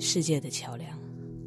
世界的橋樑，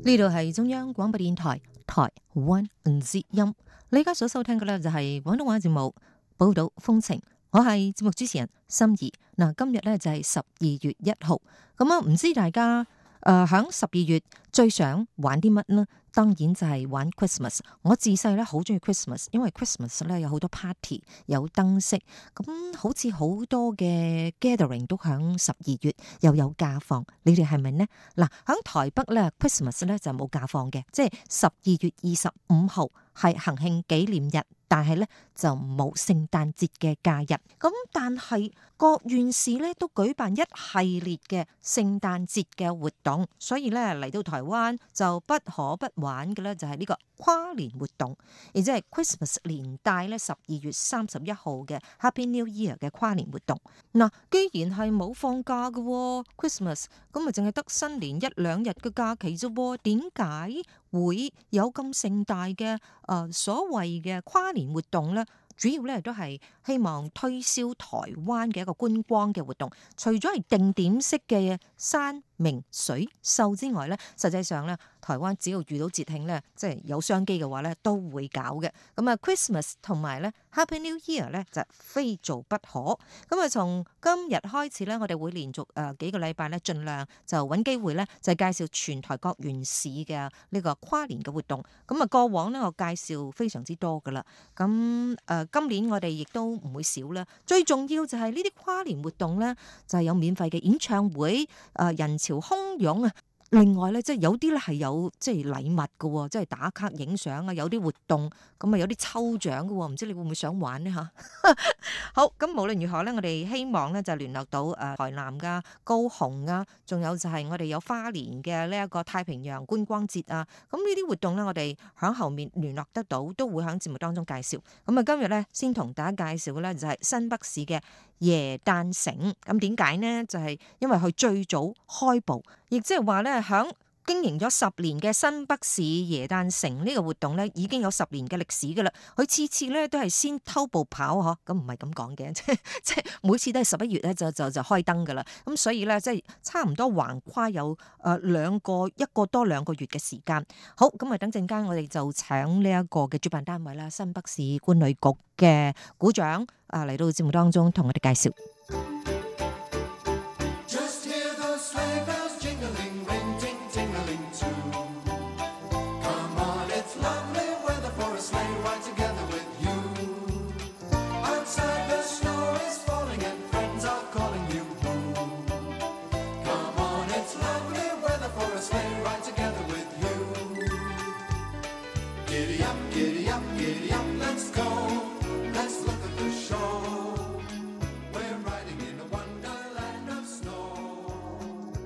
呢度係中央廣播電台台灣之音，你而家所收聽嘅咧就係廣東話節目《寶島風情》，我係節目主持人心怡。嗱，今日咧就係十二月一號，咁啊唔知大家誒響十二月最想玩啲乜呢？當然就係玩 Christmas，我自細咧好中意 Christmas，因為 Christmas 咧有好多 party，有燈飾，咁、嗯、好似好多嘅 gathering 都響十二月，又有假放，你哋係咪呢？嗱，喺台北咧 Christmas 咧就冇假放嘅，即係十二月二十五號係行憲紀念日。但係咧就冇聖誕節嘅假日，咁但係各縣市咧都舉辦一系列嘅聖誕節嘅活動，所以咧嚟到台灣就不可不玩嘅咧就係、是、呢個跨年活動，亦即係 Christmas 年帶咧十二月三十一號嘅 Happy New Year 嘅跨年活動。嗱、啊，既然係冇放假嘅、哦、Christmas，咁咪淨係得新年一兩日嘅假期啫、哦，點解？會有咁盛大嘅誒、呃、所謂嘅跨年活動咧，主要咧都係希望推銷台灣嘅一個觀光嘅活動，除咗係定點式嘅山明水秀之外咧，實際上咧，台灣只要遇到節慶咧，即係有商機嘅話咧，都會搞嘅。咁啊，Christmas 同埋咧 Happy New Year 咧就非做不可。咁啊，從今日開始咧，我哋會連續誒幾個禮拜咧，盡量就揾機會咧，就介紹全台各縣市嘅呢個跨年嘅活動，咁啊，過往咧我介紹非常之多噶啦。咁誒、呃，今年我哋亦都唔會少啦。最重要就係呢啲跨年活動咧，就係有免費嘅演唱會誒、呃、人條洶湧啊！另外咧，即係有啲咧係有即係禮物噶喎，即係打卡、影相啊，有啲活動，咁啊有啲抽獎噶，唔知你會唔會想玩咧吓？ 好，咁無論如何咧，我哋希望咧就聯絡到誒台南噶高雄啊，仲有就係我哋有花蓮嘅呢一個太平洋觀光節啊，咁呢啲活動咧，我哋響後面聯絡得到都會響節目當中介紹。咁啊，今日咧先同大家介紹嘅咧就係新北市嘅耶誕城。咁點解咧？就係、是、因為佢最早開埠，亦即係話咧。響經營咗十年嘅新北市耶誕城呢個活動咧，已經有十年嘅歷史噶啦。佢次次咧都係先偷步跑，嗬，咁唔係咁講嘅，即係每次都係十一月咧就就就開燈噶啦。咁所以咧，即係差唔多橫跨有誒兩個一個多兩個月嘅時間。好，咁啊等陣間我哋就請呢一個嘅主辦單位啦，新北市觀旅局嘅股長啊嚟到節目當中同我哋介紹。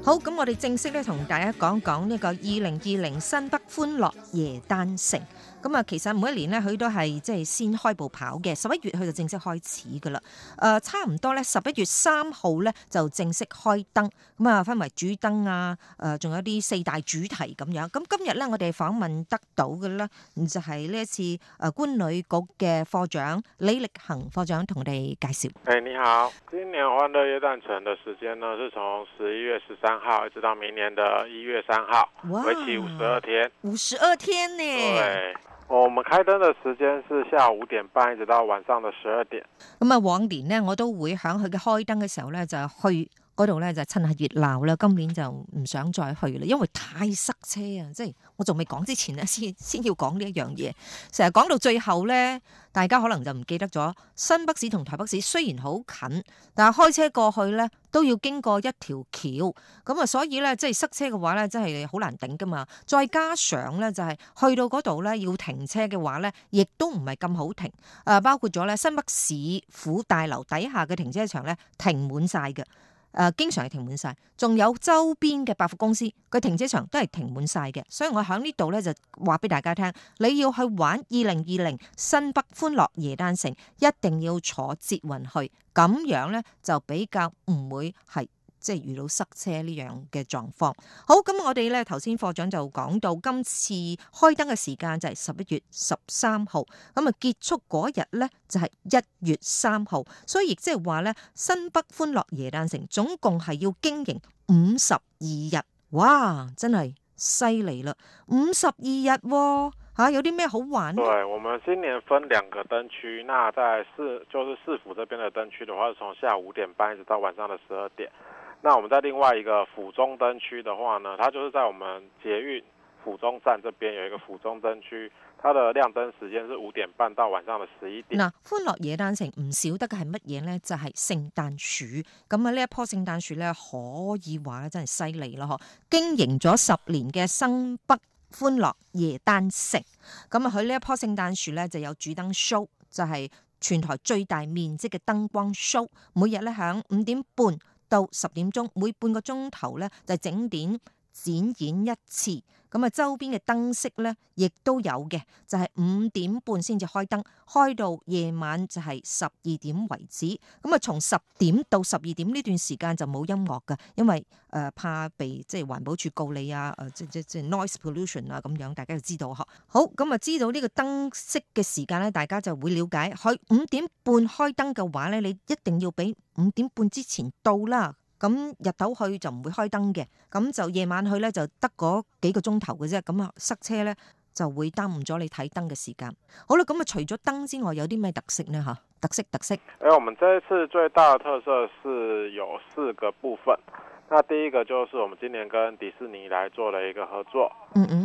好，咁我哋正式咧，同大家講講呢個二零二零新北歡樂耶誕城。咁啊，其實每一年咧，佢都係即係先開步跑嘅。十一月佢就正式開始噶啦。誒，差唔多咧，十一月三號咧就正式開燈。咁啊，分為主燈啊，誒，仲有啲四大主題咁樣。咁今日咧，我哋訪問得到嘅咧，就係呢一次誒觀旅局嘅科長李力恒科長同我哋介紹。誒，你好，今年歡樂耶誕城嘅時間呢，係從十一月十三號一直到明年嘅一月三號，維持五十二天。五十二天呢？對。哦，我們開燈的時間是下午五點半，一直到晚上的十二點。咁啊，嗯，往年呢，我都會喺佢嘅開燈嘅時候呢，就去。嗰度咧就趁下熱鬧啦。今年就唔想再去啦，因為太塞車啊！即係我仲未講之前咧，先先要講呢一樣嘢。成日講到最後咧，大家可能就唔記得咗新北市同台北市雖然好近，但係開車過去咧都要經過一條橋咁啊，所以咧即係塞車嘅話咧，真係好難頂噶嘛。再加上咧就係去到嗰度咧要停車嘅話咧，亦都唔係咁好停。誒，包括咗咧新北市府大樓底下嘅停車場咧停滿晒㗎。誒、呃、經常係停滿晒，仲有周邊嘅百貨公司，佢停車場都係停滿晒嘅。所以我喺呢度咧就話俾大家聽，你要去玩二零二零新北歡樂耶誕城，一定要坐捷運去，咁樣咧就比較唔會係。即係遇到塞車呢樣嘅狀況。好，咁我哋咧頭先課長就講到，今次開燈嘅時間就係十一月十三號。咁啊結束嗰、就是、日咧就係一月三號，所以亦即係話咧新北歡樂耶誕城總共係要經營五十二日。哇，真係犀利啦！五十二日吓、哦啊，有啲咩好玩？對，我們今年分兩個燈區，那在市就是市府這邊嘅燈區嘅話，是從下午五點半一直到晚上的十二點。那我們在另外一個府中燈區的話呢，它就是在我們捷運府中站這邊有一個府中燈區，它的亮燈時間是五點半到晚上的十一點。嗱，歡樂耶誕城唔少得嘅係乜嘢呢？就係、是、聖誕樹咁啊！呢一棵聖誕樹咧可以話真係犀利咯，嗬。經營咗十年嘅新北歡樂耶誕城咁啊，佢呢一棵聖誕樹咧就有主燈 show，就係全台最大面積嘅燈光 show，每日咧響五點半。到十點鐘，每半個鐘頭咧就整點。展演一次，咁啊，周邊嘅燈飾咧，亦都有嘅，就係、是、五點半先至開燈，開到夜晚就係十二點為止。咁啊，從十點到十二點呢段時間就冇音樂㗎，因為誒、呃、怕被即係、就是、環保處告你啊，誒即即即 noise pollution 啊咁樣，大家要知道呵。好，咁啊，知道呢個燈飾嘅時間咧，大家就會了解，佢五點半開燈嘅話咧，你一定要比五點半之前到啦。咁日頭去就唔會開燈嘅，咁就夜晚去咧就得嗰幾個鐘頭嘅啫，咁啊塞車咧就會耽誤咗你睇燈嘅時間。好啦，咁啊除咗燈之外，有啲咩特色呢？吓，特色特色。誒、欸，我們這一次最大嘅特色是有四個部分。那第一個就是我們今年跟迪士尼嚟做了一個合作。嗯嗯。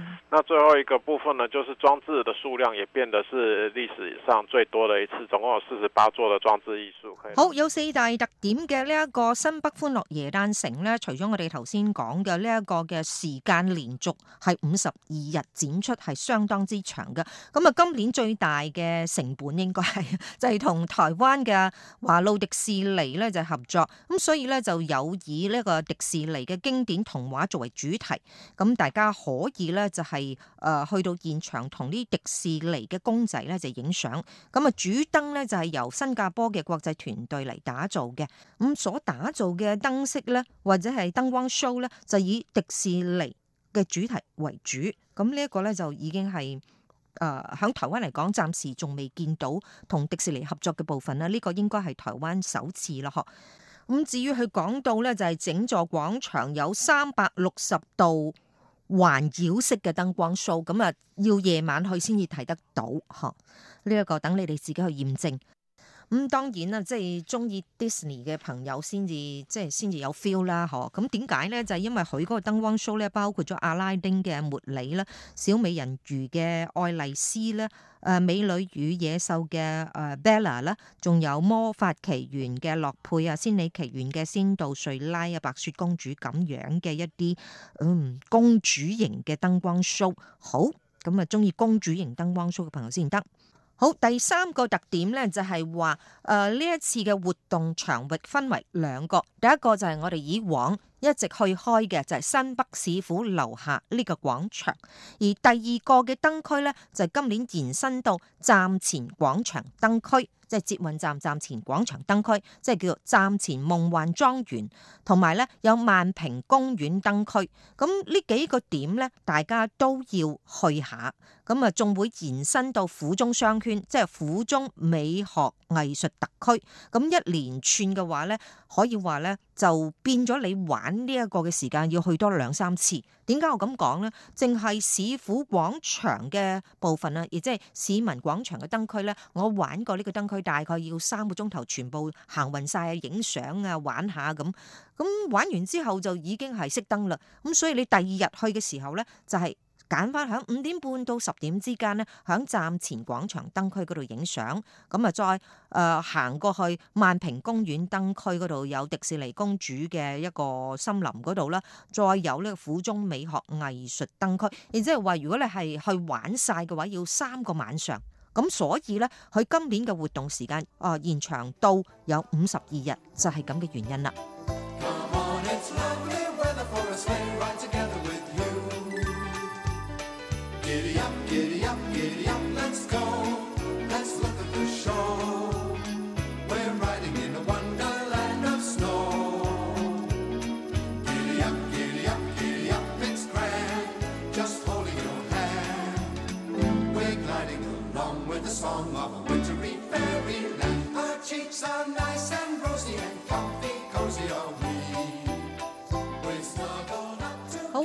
那最後一個部分呢，就是裝置的數量也變得是歷史上最多的一次，總共有四十八座的裝置藝術。可以。好，有四大特點嘅呢一個新北歡樂耶誕城咧，除咗我哋頭先講嘅呢一個嘅時間連續係五十二日展出，係相當之長嘅。咁啊，今年最大嘅成本應該係就係同台灣嘅華特迪士尼咧就合作，咁所以咧就有以呢個迪士尼嘅經典童話作為主題，咁大家可以咧就係、是。誒，去到現場同啲迪士尼嘅公仔咧就影相，咁啊主燈咧就係、是、由新加坡嘅國際團隊嚟打造嘅，咁所打造嘅燈飾咧或者係燈光 show 咧就以迪士尼嘅主題為主，咁、這個、呢一個咧就已經係誒喺台灣嚟講暫時仲未見到同迪士尼合作嘅部分啦，呢、這個應該係台灣首次咯，嗬？咁至於佢講到咧就係、是、整座廣場有三百六十度。環繞式嘅燈光 show，咁啊要夜晚去先至睇得到，呵！呢一個等你哋自己去驗證。咁、嗯、當然啦，即係中意 Disney 嘅朋友先至，即係先至有 feel 啦，嗬。咁點解咧？就係、是、因為佢嗰個燈光 show 咧，包括咗阿拉丁嘅茉莉啦、小美人魚嘅愛麗絲啦、誒美女與野獸嘅誒 Bella 啦，仲有魔法奇緣嘅樂佩啊、仙履奇緣嘅仙道瑞拉啊、白雪公主咁樣嘅一啲嗯公主型嘅燈光 show。好，咁啊中意公主型燈光 show 嘅朋友先得。好，第三個特點咧，就係話誒呢一次嘅活動場域分為兩個，第一個就係我哋以往，一直去開嘅就係新北市府樓下呢個廣場，而第二個嘅燈區咧就係今年延伸到站前廣場燈區，即係捷運站站前廣場燈區，即係叫站前夢幻莊園，同埋咧有萬平公園燈區。咁呢幾個點咧，大家都要去下。咁啊，仲會延伸到府中商圈，即係府中美學藝術特區。咁一連串嘅話咧，可以話咧就變咗你玩。呢一個嘅時間要去多兩三次，點解我咁講咧？淨係市府廣場嘅部分啦，亦即係市民廣場嘅燈區咧。我玩過呢個燈區，大概要三個鐘頭，全部行勻晒啊，影相啊，玩下咁。咁玩完之後就已經係熄燈啦。咁所以你第二日去嘅時候咧，就係、是。揀翻響五點半到十點之間呢響站前廣場燈區嗰度影相，咁啊再誒行，呃、過去萬平公園燈區嗰度有迪士尼公主嘅一個森林嗰度啦，再有呢個府中美學藝術燈區，然之後話如果你係去玩晒嘅話，要三個晚上，咁所以呢，佢今年嘅活動時間啊延長到有五十二日，就係咁嘅原因啦。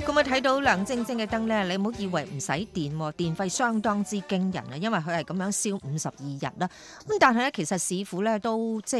咁啊，睇到亮晶晶嘅燈咧，你唔好以為唔使電，電費相當之驚人啊！因為佢係咁樣燒五十二日啦。咁但係咧，其實市府咧都即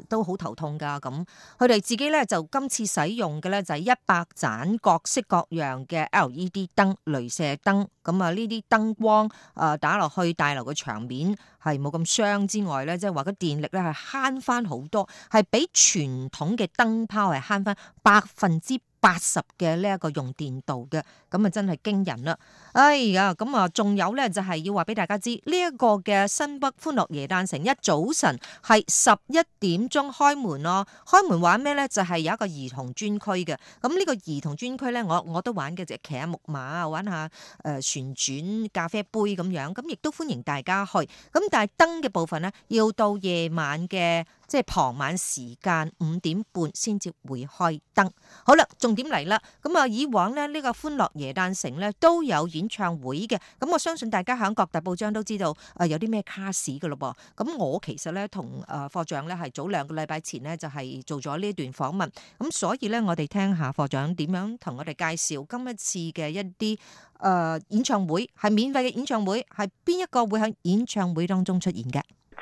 係都好頭痛噶。咁佢哋自己咧就今次使用嘅咧就係一百盞各式各樣嘅 LED 燈鐳射燈，咁啊，呢啲燈光誒打落去大樓嘅場面係冇咁傷之外咧，即係話個電力咧係慳翻好多，係比傳統嘅燈泡係慳翻百分之。八十嘅呢一個用電度嘅，咁啊真係驚人啦！哎呀，咁啊仲有咧就係、是、要話俾大家知，呢、這、一個嘅新北歡樂耶誕城一早晨係十一點鐘開門咯，開門玩咩咧？就係、是、有一個兒童專區嘅，咁呢個兒童專區咧，我我都玩嘅，只騎下木馬啊，玩下誒、呃、旋轉咖啡杯咁樣，咁亦都歡迎大家去。咁但係燈嘅部分咧，要到夜晚嘅。即係傍晚時間五點半先至會開燈。好啦，重點嚟啦。咁啊，以往咧呢個歡樂耶誕城咧都有演唱會嘅。咁我相信大家喺各大報章都知道啊，有啲咩卡士㗎咯噃。咁我其實咧同誒課長咧係早兩個禮拜前咧就係做咗呢一段訪問。咁所以咧，我哋聽下課長點樣同我哋介紹今次一次嘅一啲誒演唱會係免費嘅演唱會係邊一個會喺演唱會當中出現嘅？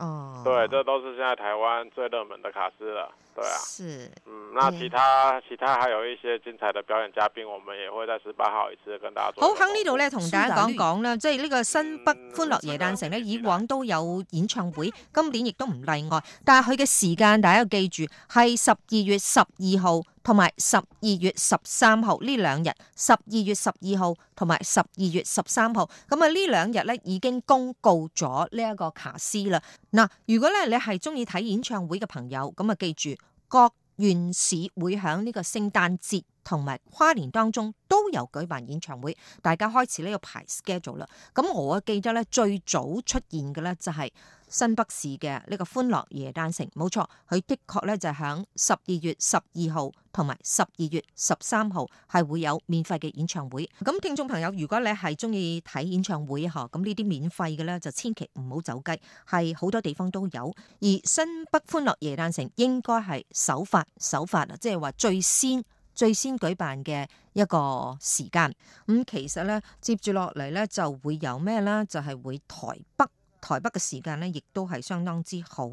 哦，oh, 對，這都是現在台灣最熱門的卡司啦，對啊，是，嗯，那其他 Okay. 其他還有一些精彩的表演嘉賓，我們也會在十八號一次跟大家做做。好，喺呢度咧，同大家講講啦，即係呢個新北歡樂耶誕城咧，以往都有演唱會，今年亦都唔例外，但係佢嘅時間大家要記住係十二月十二號。同埋十二月十三號呢兩日，十二月十二號同埋十二月十三號，咁啊呢兩日咧已經公告咗呢一個卡司啦。嗱，如果咧你係中意睇演唱會嘅朋友，咁啊記住，各縣市會喺呢個聖誕節同埋跨年當中都有舉辦演唱會，大家開始呢個排 schedule 啦。咁我記得咧最早出現嘅咧就係、是。新北市嘅呢個歡樂耶誕城，冇錯，佢的確咧就喺十二月十二號同埋十二月十三號係會有免費嘅演唱會。咁聽眾朋友，如果你係中意睇演唱會嚇，咁呢啲免費嘅咧就千祈唔好走雞，係好多地方都有。而新北歡樂耶誕城應該係首發，首發啊即係話最先、最先舉辦嘅一個時間。咁其實咧，接住落嚟咧就會有咩咧？就係、是、會台北。台北嘅時間咧，亦都係相當之好。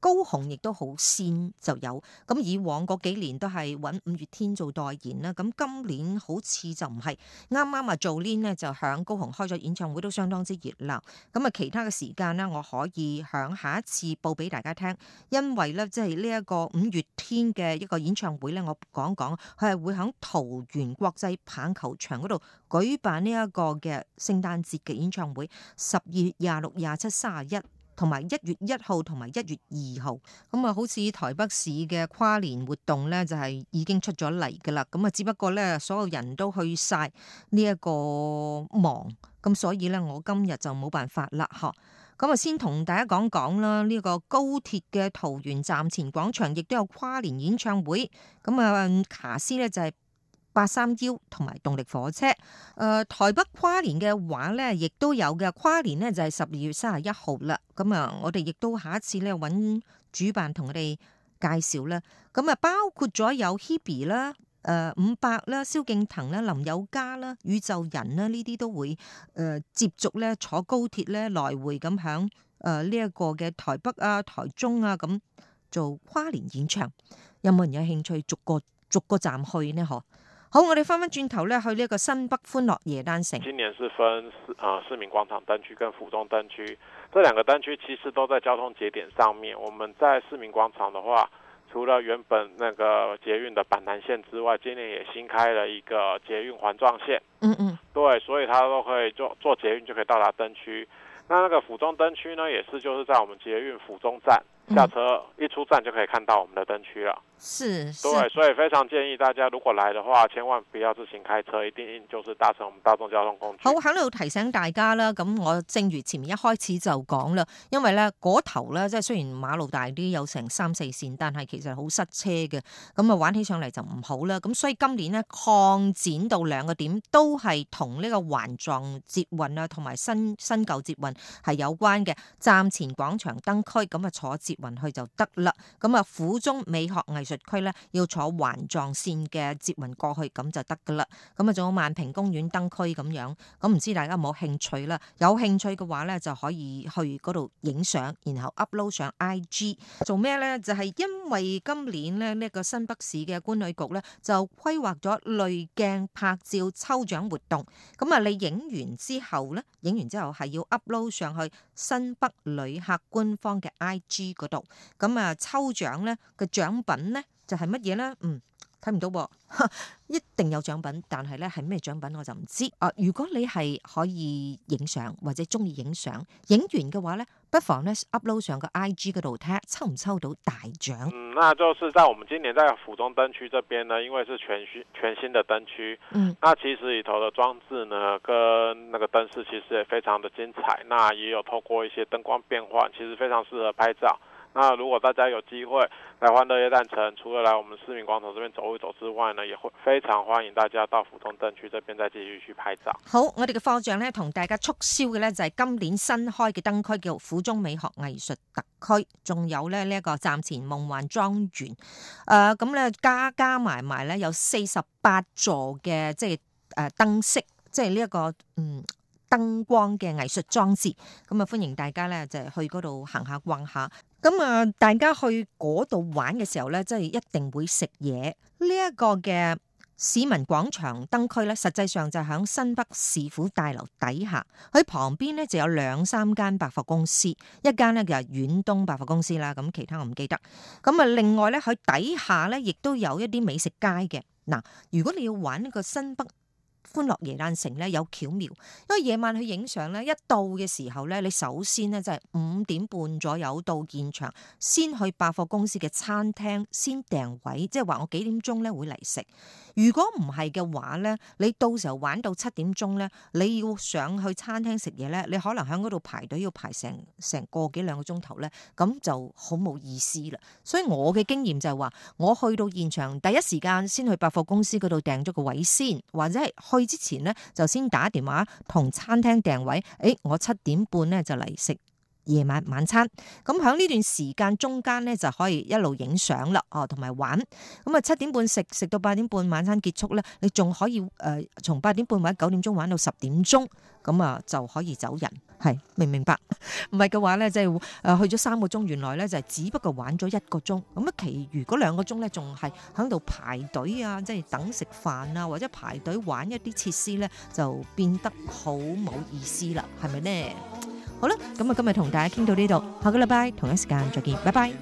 高雄亦都好先就有，咁以往嗰幾年都係揾五月天做代言啦。咁今年好似就唔係，啱啱啊做 link 咧就響高雄開咗演唱會，都相當之熱鬧。咁啊，其他嘅時間咧，我可以響下一次報俾大家聽，因為咧即係呢一、就是、個五月天嘅一個演唱會咧，我講講佢係會響桃園國際棒球場嗰度舉辦呢一個嘅聖誕節嘅演唱會，十二月廿六、廿七、三十一。同埋一月一號同埋一月二號，咁啊，好似台北市嘅跨年活動咧，就係已經出咗嚟噶啦。咁啊，只不過咧，所有人都去晒呢一個忙，咁所以咧，我今日就冇辦法啦。呵，咁啊，先同大家講講啦，呢個高鐵嘅桃園站前廣場亦都有跨年演唱會，咁啊，卡斯咧就係。八三幺同埋動力火車，誒、呃，台北跨年嘅話咧，亦都有嘅跨年咧就係十二月三十一號啦。咁、嗯、啊，我哋亦都下一次咧揾主辦同我哋介紹啦。咁、嗯、啊，包括咗有 Hebe 啦、呃、誒伍佰啦、蕭敬騰啦、林宥嘉啦、宇宙人啦呢啲都會誒、呃，接續咧坐高鐵咧來回咁響誒呢一個嘅台北啊、台中啊咁做跨年演唱，有冇人有興趣逐個逐個站去咧？嗬？好，我哋翻翻轉頭咧，去呢一個新北歡樂耶誕城。今年是分市啊、呃、市民廣場燈區跟府中燈區，這兩個燈區其實都在交通節點上面。我們在市民廣場的話，除了原本那個捷運的板南線之外，今年也新開了一個捷運環狀線。嗯嗯，對，所以它都可以坐坐捷運就可以到達燈區。那那個府中燈區呢，也是就是在我們捷運府中站下車，一出站就可以看到我們的燈區了。嗯是，是對，所以非常建議大家如果來的話，千萬不要自行開車，一定就是搭乘我們大眾交通工具。好，喺度提醒大家啦，咁我正如前面一開始就講啦，因為咧嗰頭咧，即係雖然馬路大啲，有成三四線，但係其實好塞車嘅，咁啊玩起上嚟就唔好啦。咁所以今年咧擴展到兩個點都，都係同呢個環狀捷運啊，同埋新新舊捷運係有關嘅。站前廣場燈區咁啊，坐捷運去就得啦。咁啊，府中美學藝術。區咧要坐環狀線嘅捷運過去咁就得噶啦。咁啊，仲有萬平公園燈區咁樣。咁唔知大家有冇興趣啦？有興趣嘅話咧，就可以去嗰度影相，然後 upload 上 IG。做咩咧？就係、是、因為今年咧呢、這個新北市嘅觀旅局咧就規劃咗濾鏡拍照抽獎活動。咁啊，你影完之後咧，影完之後係要 upload 上去新北旅客官方嘅 IG 度。咁啊，抽獎咧個獎品咧。就係乜嘢咧？嗯，睇唔到，一定有獎品，但係咧係咩獎品我就唔知。啊、呃，如果你係可以影相或者中意影相，影完嘅話咧，不妨咧 upload 上個 IG 嗰度睇下，抽唔抽到大獎？嗯，那就是在我們今年在府中燈區這邊呢，因為是全新全新的燈區，嗯，那其實裏頭的裝置呢，跟那個燈飾其實也非常的精彩，那也有透過一些燈光變換，其實非常適合拍照。那如果大家有機會來歡樂耶誕城，除咗來我們市民廣場這邊走一走之外呢，也會非常歡迎大家到府中燈區這邊再繼續去拍照。好，我哋嘅貨場呢，同大家促銷嘅呢，就係、是、今年新開嘅燈區叫府中美學藝術特區，仲有咧呢一、這個站前夢幻莊園。誒、呃，咁咧加加埋埋咧有四十八座嘅即係誒燈飾，即係呢一個嗯。燈光嘅藝術裝置，咁啊歡迎大家咧就係去嗰度行下逛下。咁啊，大家去嗰度玩嘅時候咧，即係一定會食嘢。呢一個嘅市民廣場燈區咧，實際上就喺新北市府大樓底下。喺旁邊咧就有兩三間百貨公司，一間咧就係遠東百貨公司啦。咁其他我唔記得。咁啊，另外咧喺底下咧亦都有一啲美食街嘅。嗱，如果你要玩呢個新北。歡樂耶誕城咧有巧妙，因為夜晚去影相咧，一到嘅時候咧，你首先咧就係五點半左右到現場，先去百貨公司嘅餐廳先訂位，即係話我幾點鐘咧會嚟食。如果唔係嘅話咧，你到時候玩到七點鐘咧，你要上去餐廳食嘢咧，你可能喺嗰度排隊要排成成個幾兩個鐘頭咧，咁就好冇意思啦。所以我嘅經驗就係話，我去到現場第一時間先去百貨公司嗰度訂咗個位先，或者係去。去之前咧，就先打電話同餐廳訂位。誒、哎，我七點半咧就嚟食夜晚晚餐。咁喺呢段時間中間咧，就可以一路影相啦。哦，同埋玩。咁、嗯、啊，七點半食食到八點半晚餐結束咧，你仲可以誒，從、呃、八點半或者九點鐘玩到十點鐘，咁、嗯、啊、嗯、就可以走人。係明唔明白？唔係嘅話咧，即係誒去咗三個鐘，原來咧就係只不過玩咗一個鐘，咁啊其餘嗰兩個鐘咧仲係響度排隊啊，即係等食飯啊，或者排隊玩一啲設施咧，就變得好冇意思啦，係咪呢？好啦，咁啊今日同大家傾到呢度，下個禮拜同一時間再見，拜拜。